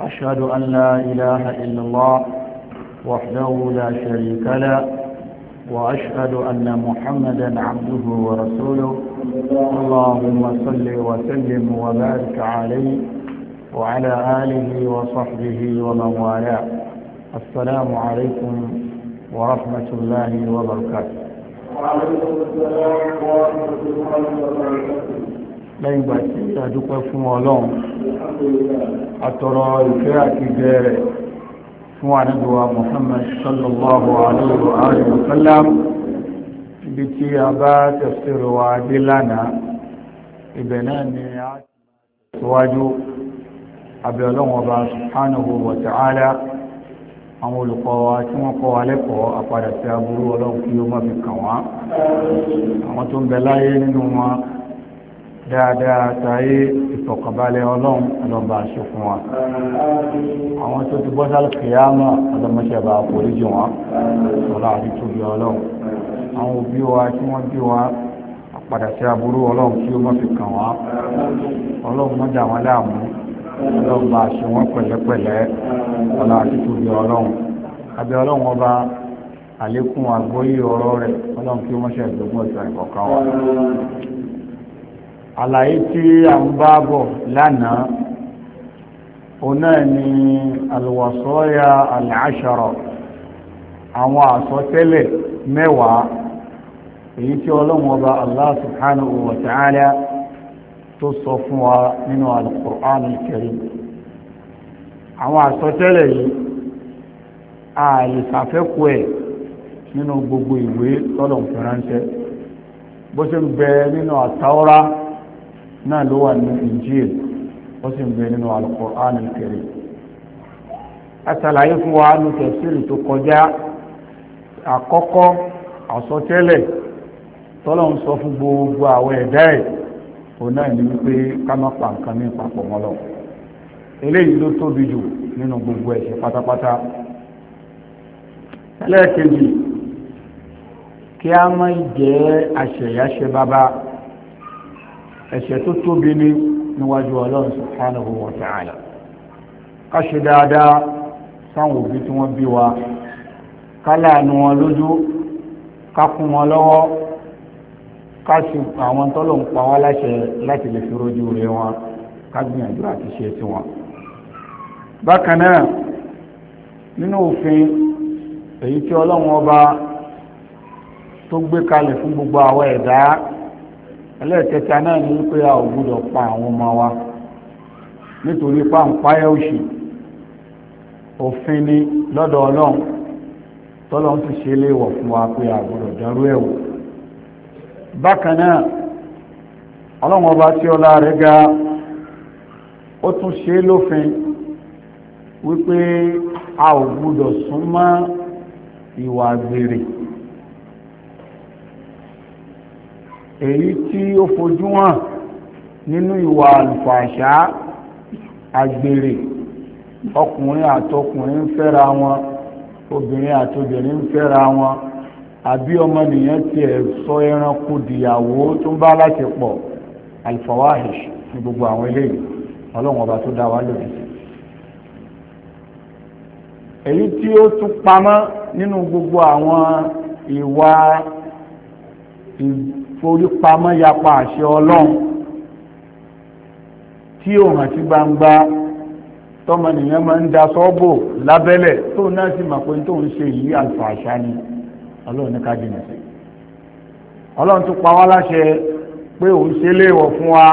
أشهد أن لا إله إلا الله وحده لا شريك له وأشهد أن محمدا عبده ورسوله اللهم صل وسلم وبارك عليه وعلى آله وصحبه ومن والاه السلام عليكم ورحمة الله وبركاته وعليكم السلام ورحمة الله وبركاته لا يبقى فيه أدوك àtọ̀rọ̀ ìfẹ́ àti bẹ̀rẹ̀ fún ànábíwá Muhammad sallallahu alaihi wa sallam ibi tí a bá tafsiru wa dé lánàá ibẹ̀ náà ni a tíwájú abẹ́ ọlọ́wọ̀n ọba subhanahu àwọn olùkọ́ wa tí wọ́n kọ́ wa lẹ́kọ̀ọ́ àpadà sí aburú ọlọ́run kí ó má fi kàn wá àwọn tó ń bẹ láyé nínú wọn dáadáa tàyé ìfọ̀kànbalẹ̀ ọlọ́run ọlọ́ba ṣe fún wa àwọn tó ti bọ́sálì kìyàmà ọlọ́mọṣẹ́bà àforíjì wọn ọlá àti tóbi ọlọ́run àwọn òbí wa tí wọ́n bí wa padà sí aburú ọlọ́run kí ó má fi kàn wá ọlọ́run má dà wọ́n láàmú ọlọ́run bá ṣe wọ́n pẹ̀lẹ́pẹ̀lẹ́ ọlá àti tóbi ọlọ́run abẹ́ ọlọ́run ọba àlékún àgbóyè ọ̀rọ̀ rẹ̀ ọlọ́run kí ó má ṣe ẹ̀dógún ọ̀sán ìkọ̀ọ̀kan wa àlàyé tí a ń bá bọ̀ lánàá ọ̀nà ni alwasaya al'ashara àwọn àsọtẹ́lẹ̀ mẹ́wàá èyí tí ọlọ́run ọba allah subhanahu wa ta'ala tó sọ fún wa nínú al-Qur'an àwọn àsọtẹ́lẹ̀ yìí a ẹ̀ nínú gbogbo ìwé tọ́lọ̀ fẹ́ránṣẹ́ bó ṣe ń bẹ nínú àtàwọ́rá náà ló wà ní Injil ó sì ń bẹ nínú Al-Qur'an al-Karim asàlàyé fún wa ní tẹ̀síìrì tó kọjá àkọ́kọ́ àsọtẹ́lẹ̀ tọ́lọ̀ ń sọ fún gbogbo àwọn ẹ̀dá ẹ̀ òun náà ní wípé ká má pa nǹkan ní papọ̀ mọ́ lọ eléyìí ló tóbi jù nínú gbogbo ẹ̀ṣẹ̀ pátápátá ẹlẹ́ẹ̀kejì kí a má jẹ́ àṣẹ̀yàṣẹ bàbá ẹ̀ṣẹ̀ tó tóbi ní níwájú ọlọ́run subhanahu wa ta'ala ká ṣe dáadáa sáwọn òbí tí wọ́n bí wa ká láàánú wọn lójú ká kún wọn lọ́wọ́ ká ṣe àwọn tọ́lọ̀ ń pa wá láṣẹ láti lè fi rojú rẹ wọn ká gbìyànjú àti ṣe sí wọn. bákan náà nínú òfin èyí tí ọlọ́run ọba tó gbé kalẹ̀ fún gbogbo àwọn ẹ̀dá ẹlẹ́ẹ̀kẹta náà ni pé a ò gbúdọ̀ pa àwọn ọmọ wa nítorí páńpáyà òṣì òfin ni lọ́dọ̀ ọlọ́run tọ́lọ́run ti ṣe léèwọ̀ fún wa pé a gbúdọ̀ dárú ẹ̀ wò bákan náà ọlọ́run ọba tí ọlá rẹ̀ ga ó tún ṣe lófin wípé a ò gbúdọ̀ súnmọ́ ìwà àgbèrè èyí tí ó fojú hàn nínú ìwà àlùfàṣá àgbèrè ọkùnrin àtọkùnrin ń fẹ́ra wọn obìnrin àtobìnrin ń fẹ́ra wọn àbí ọmọnìyàn tiẹ̀ sọ ẹranko dìyàwó tó ń bá láti pọ̀ alfawahish ní gbogbo àwọn eléyìí ọlọ́run ọba tó dá wa lòdì èyí tí ó tún pamọ́ nínú gbogbo àwọn ìwà forí pamọ́ yapa àṣẹ ọlọ́run tí ò hàn sí gbangba tọmọnìyàn máa ń da sọ́bò lábẹ́lẹ̀ tó náà sì mọ̀ pé tó ń ṣe yìí àlùfàṣà ni ọlọ́run ní ká jìnà sí ọlọ́run tún pa wá láṣẹ pé òun ṣe léèwọ̀ fún wa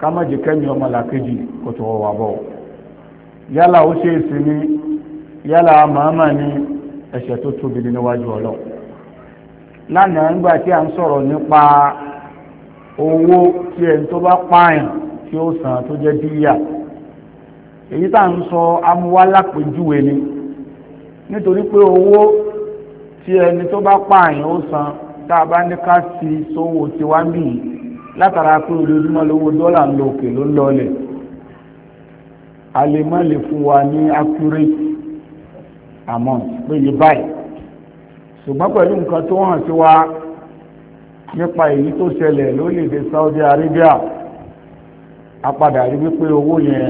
ká má jẹ́ kẹ́mi ọmọ làkejì kó tó wà bọ̀ yálà ó ṣe èsì ni yálà màmá ni ẹ̀ṣẹ̀ tó tóbi níwájú ọlọ́run lánàá nígbà tí a ń sọ̀rọ̀ nípa owó tí ẹni tó bá pààyàn tí ó san tó jẹ́ díyà èyí tá ń sọ amúwálápèjúwe ni nítorí pé owó tí ẹni tó bá pààyàn ó san tá a bá ní ká sí sówó tiwa mí látara pé ojoojúmọ́ lówó dọ́là ń lo òkè ló ń lọlẹ̀ a lè má lè fún wa ní accurate amount pé báyìí ṣùgbọ́n pẹ̀lú nǹkan tó hàn sí wa nípa èyí tó ṣẹlẹ̀ lórílẹ̀‐èdè Saudi Arabia a padà rí wípé owó yẹn